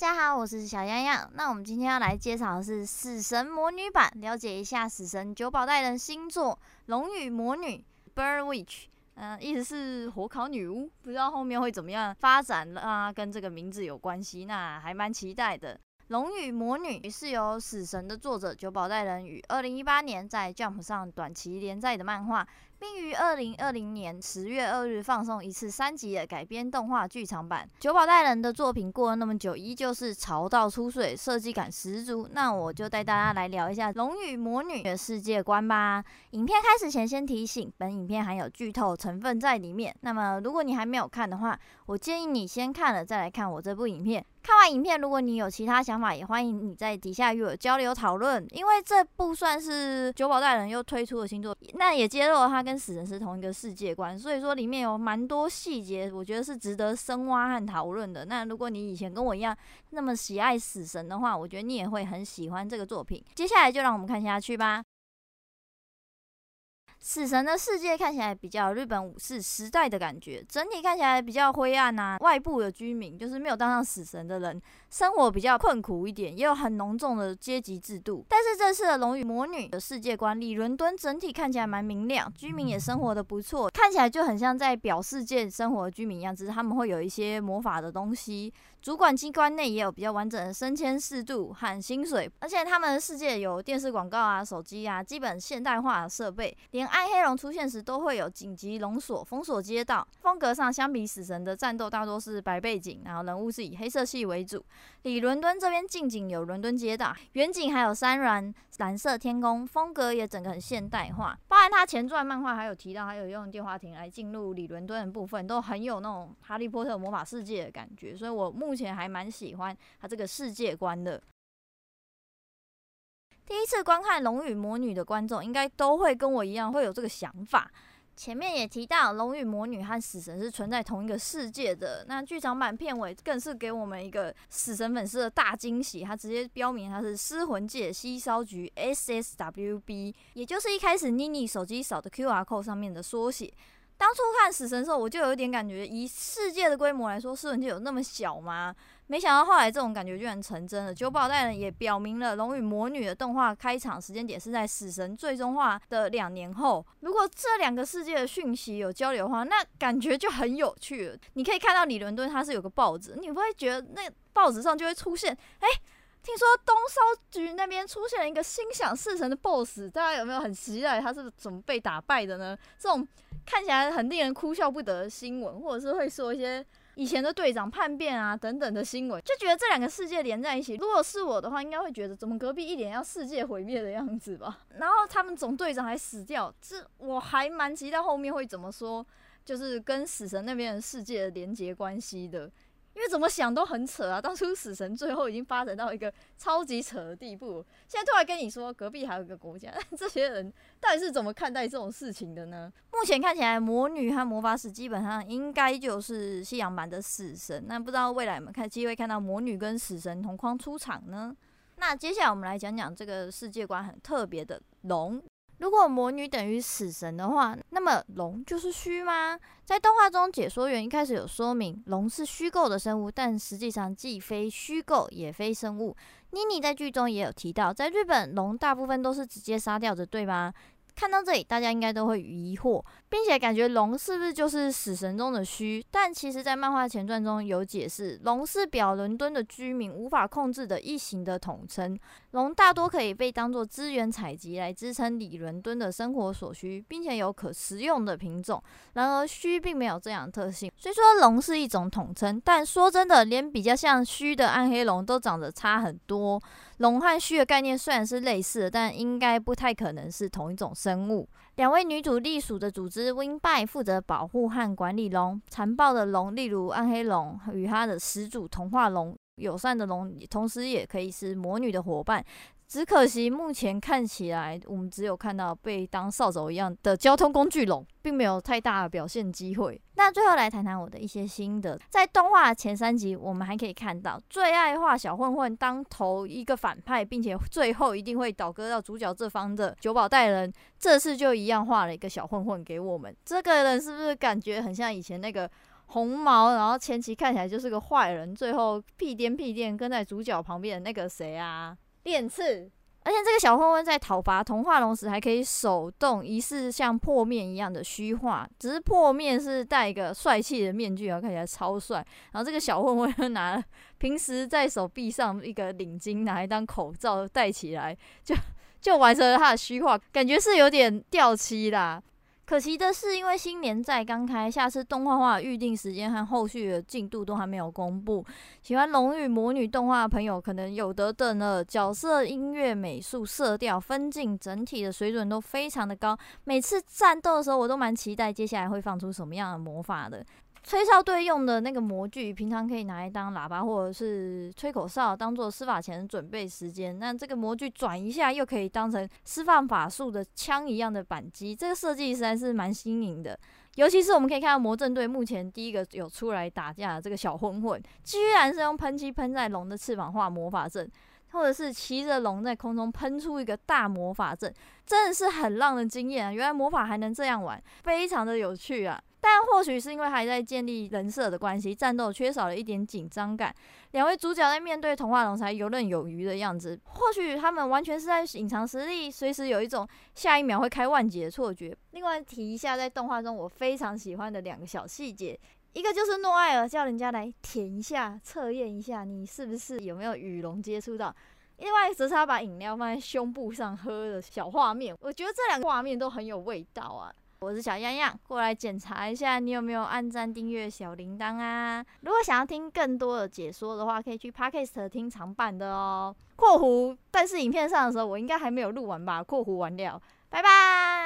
大家好，我是小樣樣。那我們今天要來介紹的是《死神魔女版》，了解一下死神久保帶人新作《龍與魔女 Burn the Witch）、呃。嗯，意思是火烤女巫，不知道後面會怎麼樣發展啊、呃，跟這個名字有關係，那還蠻期待的。《龍與魔女》是由死神的作者久保帶人於二零一八年在 Jump 上短期連載的漫畫。並於二零二零年十月二日放送一次三集的改編動畫劇場版。久保帶人的作品過了那麼久，依舊是潮到出水，設計感十足。那我就帶大家來聊一下《龍與魔女》的世界觀吧。影片開始前，先提醒，本影片含有劇透成分在裡面。那麼，如果你還沒有看的話，我建議你先看了再來看我這部影片。看完影片，如果你有其他想法，也歡迎你在底下與我交流討論。因為這部算是久保帶人又推出的新作，那也揭露了他跟死神是同一個世界觀，所以說裡面有蠻多細節，我覺得是值得深挖和討論的。那如果你以前跟我一樣那麼喜愛死神的話，我覺得你也會很喜歡這個作品。接下來就讓我們看下去吧。死神的世界看起來比較日本武士時代的感覺，整體看起來比較灰暗啊。外部的居民就是沒有當上死神的人，生活比較困苦一點，也有很濃重的階級制度。但是這次的龍與魔女的世界觀裡，倫敦整體看起來蠻明亮，居民也生活得不錯，看起來就很像在表世界生活的居民一樣，只是他們會有一些魔法的東西。主管機關內也有比較完整的升遷制度和薪水，而且他們的世界有電視廣告啊、手機啊，基本現代化設備。連暗黑龍出現時都會有緊急龍鎖封鎖街道。風格上相比死神的戰鬥大多是白背景，然後人物是以黑色系為主。裡倫敦這邊近景有倫敦街道，遠景還有山巒。藍色天空，風格也整個很現代化。包含他前傳漫畫還有提到，還有用電話亭來進入裡倫敦的部分，都很有那種哈利波特魔法世界的感覺。所以我目前還蠻喜歡他這個世界觀的。第一次觀看《龍與魔女》的觀眾，應該都會跟我一樣會有這個想法。前面也提到，龍與魔女和死神是存在同一個世界的。那劇場版片尾更是給我們一個死神粉絲的大驚喜，它直接標明它是屍魂界吸收局 （SSWB），也就是一開始妮妮手機掃的 QR code 上面的縮寫。當初看《死神》的時候，我就有一點感覺，以世界的規模來說，屍魂界有那麼小嗎？沒想到後來這種感覺居然成真了。久保帶人也表明了，《龍與魔女》的動畫開場時間點是在《死神》最終話的兩年後。如果這兩個世界的訊息有交流的話，那感覺就很有趣了。你可以看到李倫敦，他是有個報紙，你不會覺得那報紙上就會出現，哎、欸。聽說東屍魂界那邊出現了一個心想事成的 BOSS，大家有沒有很期待他是怎麼被打敗的呢？這種看起來很令人哭笑不得的新聞，或者是會說一些以前的隊長叛變啊等等的新聞，就覺得這兩個世界連在一起。如果是我的話，應該會覺得怎麼隔壁一臉要世界毀滅的樣子吧？然後他們總隊長還死掉，這我還蠻期待後面會怎麼說，就是跟死神那邊的世界的連結關係的。因為怎麼想都很扯啊！當初死神最後已經發展到一個超級扯的地步，現在突然跟你說隔壁還有一個國家，但這些人到底是怎麼看待這種事情的呢？目前看起來魔女和魔法使基本上應該就是西洋版的死神，那不知道未來有沒有看機會看到魔女跟死神同框出場呢？那接下來我們來講講這個世界觀很特別的龍。如果魔女等於死神的話，那麼龍就是虛嗎？在動畫中，解說員一開始有說明龍是虛構的生物，但實際上既非虛構也非生物。妮妮在劇中也有提到，在日本龍大部分都是直接殺掉的，對嗎？看到這裡，大家應該都會疑惑。並且感覺龍是不是就是死神中的虛？但其實，在漫畫前傳中有解釋，龍是表倫敦的居民無法控制的異形的統稱。龍大多可以被當作資源採集來支撐裡倫敦的生活所需，並且有可食用的品種。然而虛並沒有這樣的特性。雖說龍是一種統稱，但說真的，連比較像虛的暗黑龍都長得差很多。龍和虛的概念雖然是類似的，但應該不太可能是同一種生物。兩位女主隸屬的組織 Wing Bind 負責保護和管理龍，殘暴的龍，例如暗黑龍，與他的始祖童話龍；友善的龍，同時也可以是魔女的夥伴。只可惜，目前看起來我們只有看到被當掃帚一樣的交通工具龍，並沒有太大的表現機會。那最後來談談我的一些心得，在動畫前三集，我們還可以看到最愛畫小混混當頭一個反派，並且最後一定會倒戈到主角這方的久保帶人，這次就一樣畫了一個小混混給我們。這個人是不是感覺很像以前那個紅毛？然後前期看起來就是個壞人，最後屁顛屁顛跟在主角旁邊的那個誰啊？變次，而且這個小混混在討伐童話龍時，還可以手動一次像破面一樣的虛化，只是破面是戴一個帥氣的面具啊，看起來超帥。然後這個小混混就拿了平時在手臂上一個領巾，拿來當口罩戴起來就，就就完成了他的虛化，感覺是有點掉漆啦。可惜的是，因為新年在剛開，下次動畫化預定時間和後續的進度都還沒有公布。喜歡《龍與魔女》動畫的朋友可能有得等了。角色、音樂、美術、色調、分鏡，整體的水準都非常的高。每次戰鬥的時候，我都蠻期待接下來會放出什麼樣的魔法的。吹哨隊用的那個模具，平常可以拿來當喇叭或者是吹口哨，當做施法前的準備時間。那這個模具轉一下，又可以當成施放法術的槍一樣的扳機。這個設計實在是蠻新穎的。尤其是我們可以看到魔陣隊目前第一個有出來打架的這個小混混，居然是用噴漆噴在龍的翅膀畫魔法陣，或者是騎着龍在空中噴出一個大魔法陣，真的是很讓人驚艷啊！原來魔法還能這樣玩，非常的有趣啊！但或許是因為還在建立人設的關係，戰鬥缺少了一點緊張感。兩位主角在面對童話龍才游刃有餘的樣子，或許他們完全是在隱藏實力，隨時有一種下一秒會開卍解的錯覺。另外提一下，在動畫中我非常喜歡的兩個小細節，一個就是諾艾爾叫人家來舔一下，測驗一下你是不是有沒有與龍接觸到；另外則是他把飲料放在胸部上喝的小畫面，我覺得這兩個畫面都很有味道啊。我是小樣樣，過來檢查一下你有沒有按贊、訂閱、小鈴鐺啊！如果想要聽更多的解說的話，可以去 Podcast 聽長版的哦、喔。（括弧）但是影片上的時候，我應該還沒有錄完吧？（括弧完掉）拜拜。